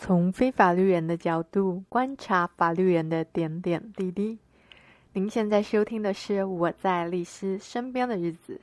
從非法律人的角度觀察法律人的點點滴滴。您現在收聽的是《我在律師身邊的日子》啊。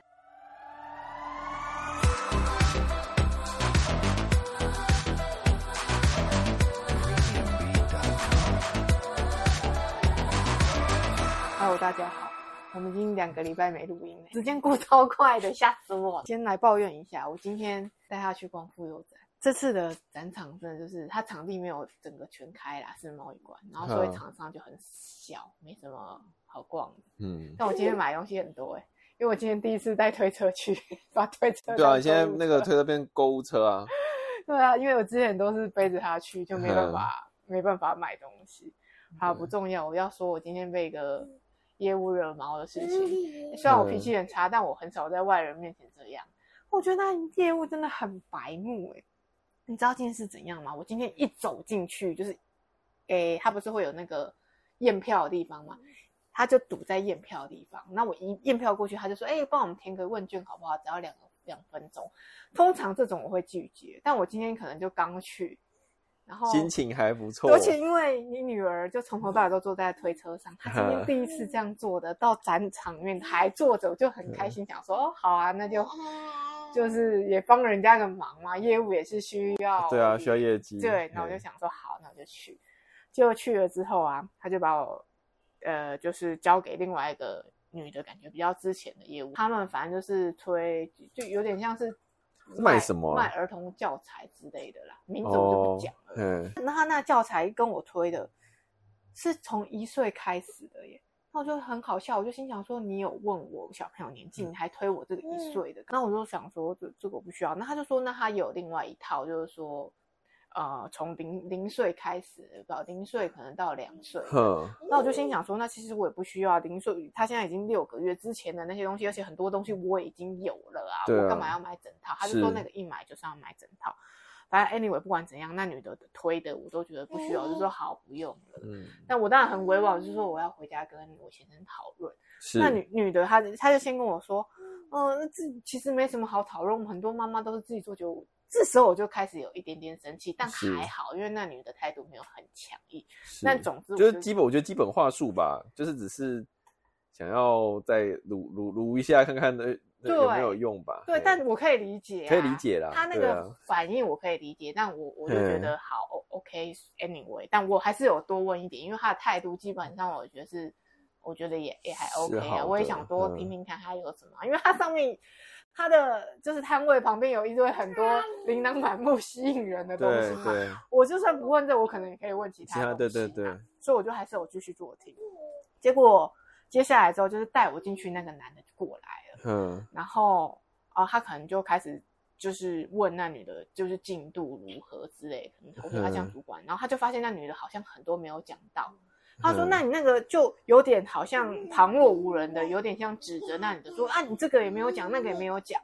Hello，大家好，我們已經兩個禮拜沒錄音了，時間過超快的，嚇死我了！ 先來抱怨一下，我今天帶他去逛婦幼展。這次的展場真的就是它場地沒有整個全開啦，是貿易館，然後所以場上就很小，呵沒什麼好逛的。嗯，但我今天買東西很多哎、欸，因為我今天第一次帶推車去，把推車，車對啊，你現在那個推車變購物車啊， 對啊，因為我之前都是背着他去，就沒辦法呵沒辦法買東西。好，不重要，我、嗯、要說我今天被一個業務惹毛的事情，嗯、雖然我脾氣很差，但我很少在外人面前這樣。我覺得那業務真的很白目哎、欸。你知道今天是怎樣嗎？我今天一走進去，就是，誒、欸，他不是會有那個驗票的地方嗎？他就堵在驗票的地方。那我一驗票過去，他就說：“哎、欸，幫我們填個問卷好不好？只要兩兩分鐘。”通常這種我會拒絕，但我今天可能就剛去，然後心情還不錯。而且因為你女兒就從頭到尾都坐在推車上，嗯、她今天第一次這樣坐的，嗯、到展場面還坐着，我就很開心，嗯、想說：“哦，好啊，那就。”就是也幫人家個忙嘛，業務也是需要、那個，對啊，需要業績。對，那我就想說好，嘿好，那我就去。結果去了之後啊，他就把我，呃，就是交給另外一個女的，感覺比較之前的業務。他們反正就是推，就有點像是賣什麼、啊、賣兒童教材之類的啦，名字我就不講了。嗯、哦，那他那教材跟我推的，是從一歲開始的耶。我就很好笑，我就心想說，你有問我小朋友年紀，你還推我這個一歲的，嗯、那我就想說這這個我不需要。那他就說，那他有另外一套，就是說，呃，從零零歲開始，到零歲可能到兩歲。呵那我就心想說，那其實我也不需要零歲，他現在已經六個月之前的那些東西，而且很多東西我已經有了啊，啊我幹嘛要買整套？他就說那個一買就是要買整套。反正 anyway 不管怎樣，那女的推的我都覺得不需要，嗯，我就說好不用了。嗯，但我當然很委婉，就是說我要回家跟你我先生討論。是，那女女的她，她就先跟我說，嗯，那這其實沒什麼好討論。我們很多媽媽都是自己做決定。這時候我就開始有一點點生氣，但還好，因為那女的態度沒有很強硬。是，那總之我就，就是基本，我覺得基本話術吧，就是只是想要再擼擼擼一下，看看。對，沒有用吧？對，對但我可以理解、啊，可以理解啦。他那個反應我可以理解，啊，但我我就覺得好、嗯、OK，Anyway，但我還是有多問一點，因為他的態度基本上我覺得是，我覺得也也還 OK 啊。我也想多聽聽看他有什麼，嗯、因為他上面他的就是攤位旁邊有一堆很多琳琅滿目、吸引人的東西嘛。對對，我就算不問這，我可能也可以問其他東西、啊。其他對對對。所以我就還是有繼續做聽。結果接下來之後就是帶我進去那個男的過來。嗯，然後啊，他可能就開始就是問那女的，就是進度如何之類的。可能他他像主管，嗯、然後他就發現那女的好像很多沒有講到。他說：“嗯、那你那個就有點好像旁若無人的，有點像指責那女的說啊，你這個也沒有講，那個也沒有講。”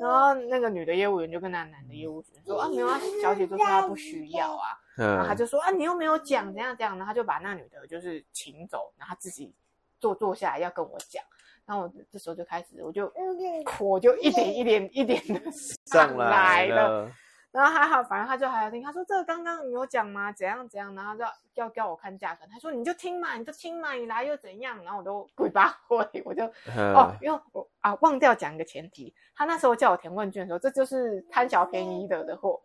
然後那個女的業務員就跟那男的業務員說：“嗯、啊，沒有啊，他小姐就說她不需要啊。嗯”然後他就說：“啊，你又沒有講，怎樣怎樣，樣？”然後他就把那女的就是請走，然後自己坐坐下來要跟我講。然後我這時候就開始，我就火就一點一點一點的上來了。來了，然後還好，反正他就還要聽，他說：“這個剛剛你有講嗎？怎樣怎樣？”然後就。要叫我看價格，他說你就聽嘛，你就聽嘛，你來又怎樣？然後我都鬼巴火，我就 哦，因為我啊忘掉講一個前提，他那時候叫我填問卷的時候，這就是貪小便宜得的禍，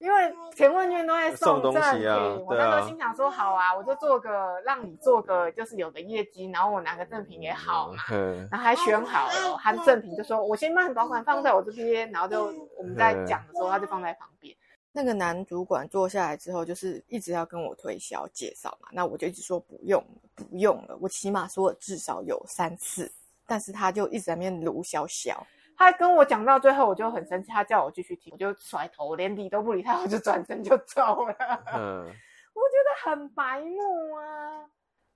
因為填問卷都在送贈品。送東西啊，我那時候心想說啊好啊，我就做個讓你做個就是有個業績，然後我拿個贈品也好嘛。 然後還選好了，了 他的贈品就說我先幫你保管，放在我這邊，然後就我們在講的時候，他就放在旁邊。 那個男主管坐下來之後，就是一直要跟我推銷介紹嘛，那我就一直說不用了，不用了。我起碼說了至少有三次，但是他就一直在那邊魯小小。他還跟我講到最後，我就很生氣。他叫我繼續聽，我就甩頭，連理都不理他，我就轉身就走了。嗯，我覺得很白目啊！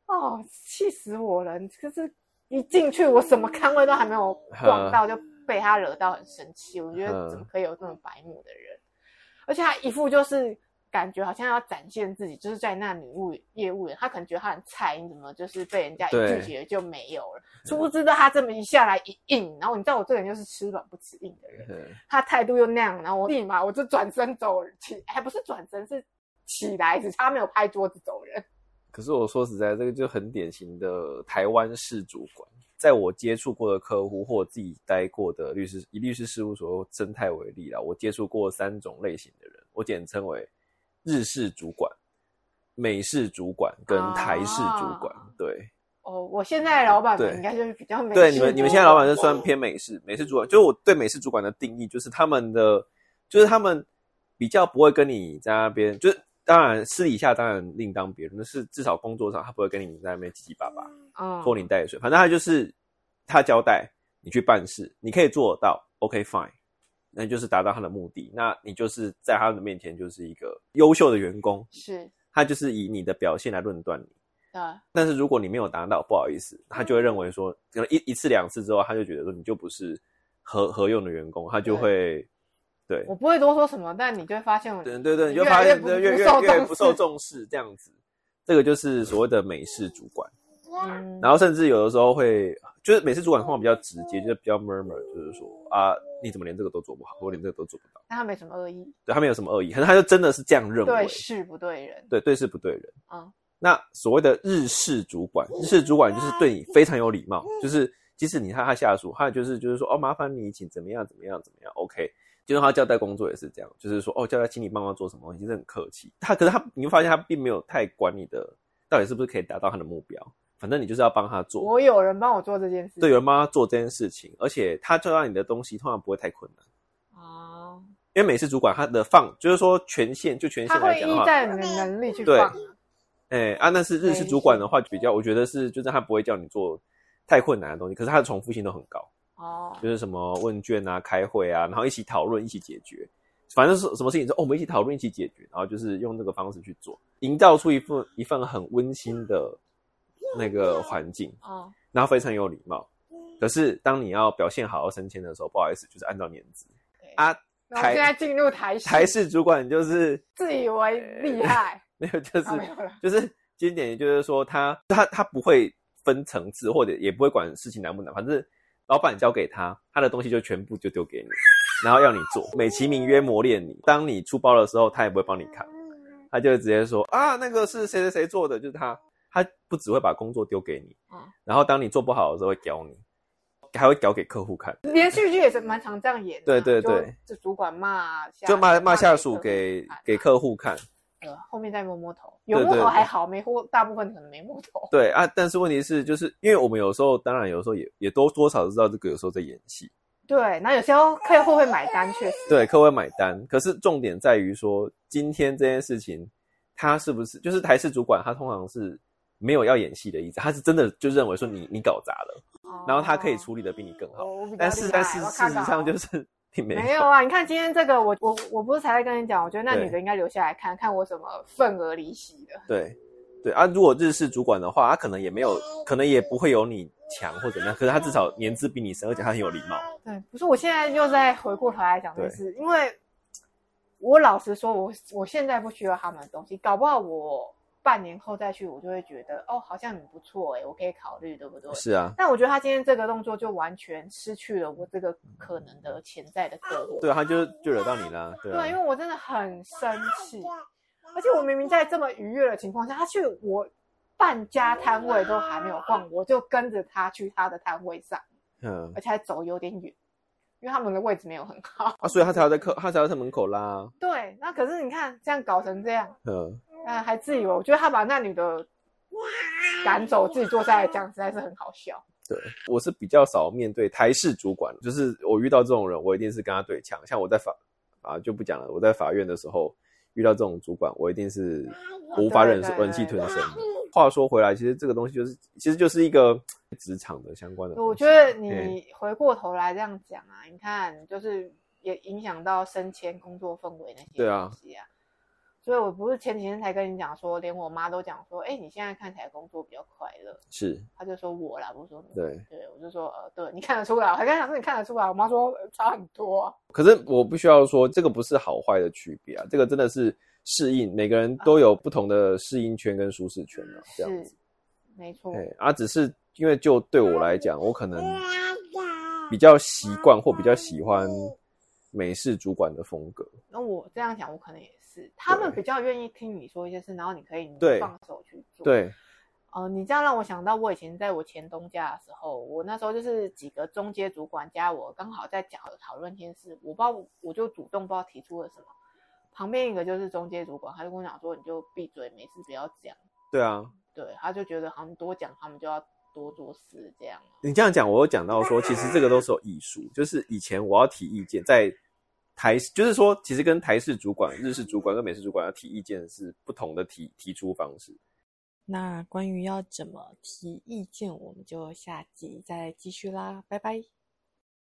哦，氣死我了！就是一進去，我什麼攤位都還沒有逛到，嗯、就被他惹到很生氣。我覺得怎麼可以有這麼白目的人？而且他一副就是感覺好像要展現自己，就是在那女務業，業務員，他可能覺得他很菜，你怎麼就是被人家一拒絕就沒有了，殊對不知他這麼一下來一硬，然後你知道我這個人就是吃軟不吃硬的人，嗯、他態度又那樣，然後我立馬我就轉身走起，還不是轉身是起來，只差沒有拍桌子走人。可是我說實在，這個就很典型的台灣式主管。在我接觸過的客戶或自己待過的律師，以律師事務所生態為例啦，我接觸過三種類型的人，我簡稱為日式主管、美式主管跟台式主管。啊、對，哦，我現在的老板應該就是比較美式。對對，你們，你們現在老板就算偏美式，美式主管，就是我對美式主管的定義就是他們的，就是他們比較不會跟你在那邊就是。當然，私底下當然另當別論。那是至少工作上，他不會跟你在那邊七七八八拖泥帶水。反正、嗯、他就是他交代你去辦事，你可以做到，OK fine，那就是達到他的目的。那你就是在他的面前就是一個優秀的員工。是，他就是以你的表現來論斷你。對。但是如果你沒有達到，不好意思，他就會認為說，可能一一，一次兩次之後，他就覺得說你就不是合合用的員工，他就會。對，我不會多說什麼，但你就會發現越越，對，對對，你就發現越越越越不受重視這樣子。這個就是所謂的美式主管，嗯、然後甚至有的時候會，就是美式主管的話比較直接，就是，比較 murmur，就是說啊，你怎麼連這個都做不好，我連這個都做不到。但他沒什麼惡意，對他沒有什麼惡意，可能他就真的是這樣認為，對，是對，對，對事不對人，對對事不對人啊。那所謂的日式主管，日式主管就是對你非常有禮貌，嗯啊、就是即使你是他下屬，他就是就是說哦，麻煩你請怎麼樣怎麼樣怎麼樣，OK。就是他交代工作也是這樣，就是說哦，交代請你幫忙做什麼，其實很客氣。他可是他，你會發現他並沒有太管你的到底是不是可以達到他的目標，反正你就是要幫他做。我有人幫我做這件事情，對，有人幫他做這件事情，而且他交代你的東西通常不會太困難哦。啊、因為美式主管他的放就是說，權限就權限來講的話，會依在你的能力去放。哎啊，欸、啊那是日式主管的話美式比較，我覺得是就是他不會叫你做太困難的東西，可是他的重複性都很高。哦，就是什麼問卷啊、開會啊，然後一起討論、一起解決，反正是什麼事情，就哦，我們一起討論、一起解決，然後就是用這個方式去做，營造出一份一份很溫馨的那個環境、啊、哦，然後非常有禮貌。可是當你要表現好要升遷的時候，不好意思，就是按照年資對啊。我現在進入台式台式主管，就是自以為厲害，那個、呃、就是、啊、就是經典，就是說他他他不會分層次，或者也不會管事情難不難，反正。老闆交給他，他的東西就全部就丟給你，然後要你做，美其名曰磨練你。當你出包的時候，他也不會幫你看，他就直接說啊，那個是誰誰誰做的，就是他。他不只會把工作丟給你，然後當你做不好的時候，會屌你，還會屌給客戶看。連續劇也是蠻常這樣演，對對對，這主管罵，啊，就罵罵下屬給給客戶看。欸、後面再摸摸頭，有摸頭還好，對對對，沒摸，大部分可能沒摸頭。對啊，但是問題是，就是因為我們有時候，當然有時候也也都多少知道這個有時候在演戲。對，那有時候客戶會買單，確實。對，客戶會買單，可是重點在於說，今天這件事情，他是不是就是台式主管？他通常是沒有要演戲的意思，他是真的就認為說你你搞砸了，嗯、然後他可以處理的比你更好。哦、但是但是事實上就是。沒有，沒有啊！你看今天這個我，我我我不是才在跟你講，我覺得那女的應該留下來看對看我怎麼份額離席的。對，對啊，如果日式主管的話，他、啊、可能也沒有，可能也不會有你強或怎麼樣，可是他至少年資比你深，而且他很有禮貌。對，可是我現在又在回過頭來講這件事，對因為我老實說，我我現在不需要他們的東西，搞不好我。半年後再去，我就會覺得哦，好像很不錯哎、欸，我可以考慮，對不對？是啊，但我覺得他今天這個動作就完全失去了我這個可能的潛在的客戶、嗯。對，他就就惹到你了，對、啊。對，因為我真的很生氣，而且我明明在這麼愉悅的情況下，他去我半家攤位都還沒有逛過，我就跟着他去他的攤位上，嗯，而且還走有點遠，因為他們的位置沒有很好啊，所以他才要在客，他才要在他門口拉。對，那可是你看這樣搞成這樣，嗯。啊、還自以為，我覺得他把那女的趕走，自己坐在這樣實在是很好笑。對我是比較少面對台式主管，就是我遇到這種人，我一定是跟他對嗆。像我在法啊就不講了，我在法院的時候遇到這種主管，我一定是無法忍受，忍氣、啊、吞聲。話說回來，其實這個東西就是，其實就是一個職場的相關的東西、啊。我覺得你回過頭來這樣講啊，嗯、你看就是也影響到升遷、工作氛圍那些，東西啊。對啊。所以，我不是前幾天才跟你講說，連我媽都講說，哎、欸，你現在看起來工作比較快樂。是。她就說我啦，不是說你。對對，我就說呃，對你看得出來，我剛剛講說你看得出來。我媽說、呃、差很多。可是我不需要說這個不是好壞的區別啊，這個真的是適應，嗯、每個人都有不同的適應圈跟舒適圈啊。是。沒錯、欸。啊，只是因為就對我來講，我可能比較習慣或比較喜歡美式主管的風格。那我這樣講，我可能也。是他們比較願意聽你說一些事。對然後你可以，你放手去做。對，哦、呃，你這樣讓我想到，我以前在我前東家的時候，我那時候就是幾個中階主管加我，剛好在講討論一件事，我不知道，我就主動不知道提出了什麼，旁邊一個就是中階主管，他就跟我講說：“你就閉嘴，沒事不要講。”對啊，對，他就覺得他們多講，他們就要多做事這樣。你這樣講，我又講到說，其實這個都是有藝術，就是以前我要提意見在。台，就是說，其實跟台式主管、日式主管、跟美式主管要提意見是不同的提提出方式。那關於要怎麼提意見，我們就下集再繼續啦，拜拜。